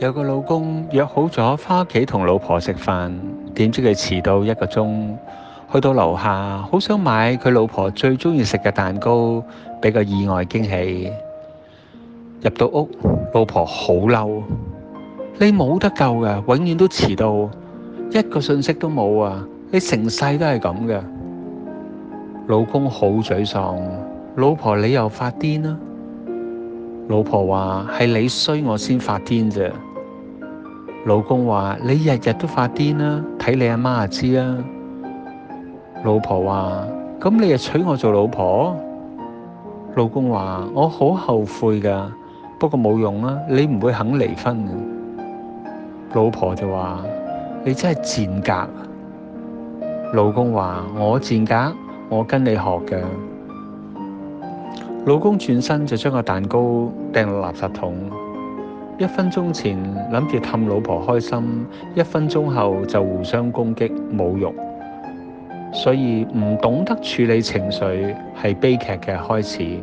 有個老公約好咗返屋企同老婆食飯，點知佢遲到一個鐘，去到樓下好想買佢老婆最鍾意食嘅蛋糕，俾個意外驚喜。入到屋，老婆好嬲，你冇得救噶，永遠都遲到，一個信息都冇啊！你成世都係咁㗎。老公好沮喪，老婆你又發癲啦、啊？老婆話，係你衰，我先發癲啫。老公話：你日日都發癲啦、啊，睇你阿媽就知啦。老婆話：咁你又娶我做老婆？老公話：我好後悔噶，不過冇用啊，你唔會肯離婚。老婆就話：你真係賤格、啊。老公話：我賤格，我跟你學嘅。老公轉身就將個蛋糕掟落垃圾桶。一分鐘前諗住氹老婆開心，一分鐘後就互相攻擊、侮辱，所以唔懂得處理情緒係悲劇嘅開始。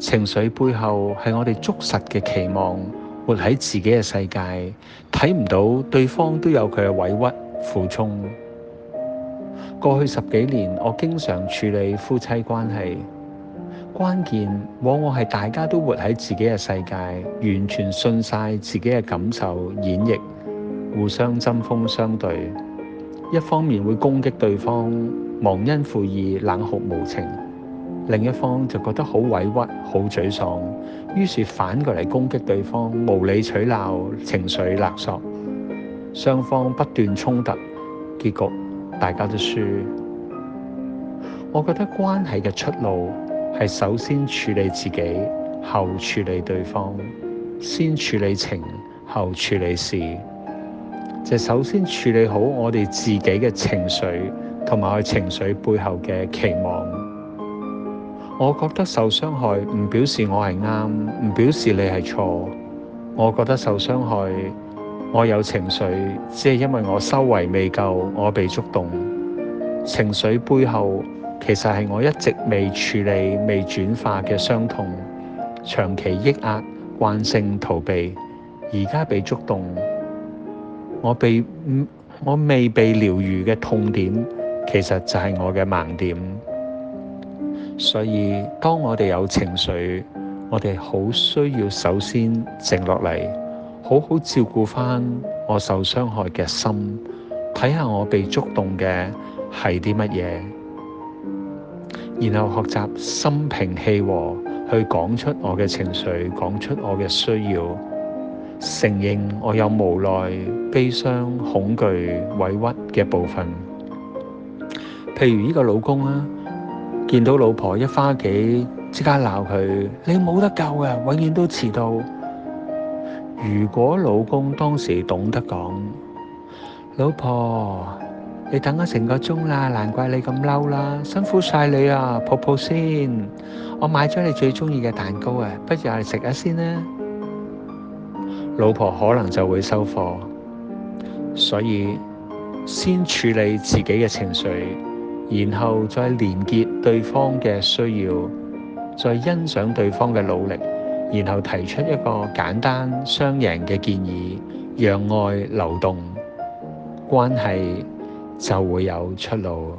情緒背後係我哋捉實嘅期望，活喺自己嘅世界，睇唔到對方都有佢嘅委屈、苦衷。過去十幾年，我經常處理夫妻關係。關鍵往往係大家都活喺自己嘅世界，完全信晒自己嘅感受，演繹互相針鋒相對。一方面會攻擊對方，忘恩負義、冷酷無情；另一方就覺得好委屈、好沮喪，於是反過嚟攻擊對方，無理取鬧、情緒勒索，雙方不斷衝突，結局大家都輸。我覺得關係嘅出路，係首先處理自己，後處理對方；先處理情，後處理事。就係首先處理好我哋自己嘅情緒，同埋我情緒背後嘅期望。我覺得受傷害唔表示我係啱，唔表示你係錯。我覺得受傷害，我有情緒，只係因為我修為未夠，我被觸動，情緒背後。其實係我一直未處理、未轉化嘅傷痛，長期抑壓、慣性逃避，而家被觸動。我被我未被療愈嘅痛點，其實就係我嘅盲點。所以當我哋有情緒，我哋好需要首先靜落嚟，好好照顧返我受傷害嘅心，睇下我被觸動嘅係啲乜嘢。然後學習心平氣和去講出我嘅情緒，講出我嘅需要，承認我有無奈、悲傷、恐懼、委屈嘅部分。譬如呢個老公啊，見到老婆一翻屋企即刻鬧佢，你冇得救嘅啊，永遠都遲到。如果老公當時懂得講，老婆。你等咗成個鐘啦，難怪你咁嬲啦，辛苦晒你啊！抱抱先。我買咗你最中意嘅蛋糕啊，不如我哋食下先啦。老婆可能就會收貨，所以先處理自己嘅情緒，然後再連結對方嘅需要，再欣賞對方嘅努力，然後提出一個簡單雙贏嘅建議，讓愛流動，關係。就會有出路。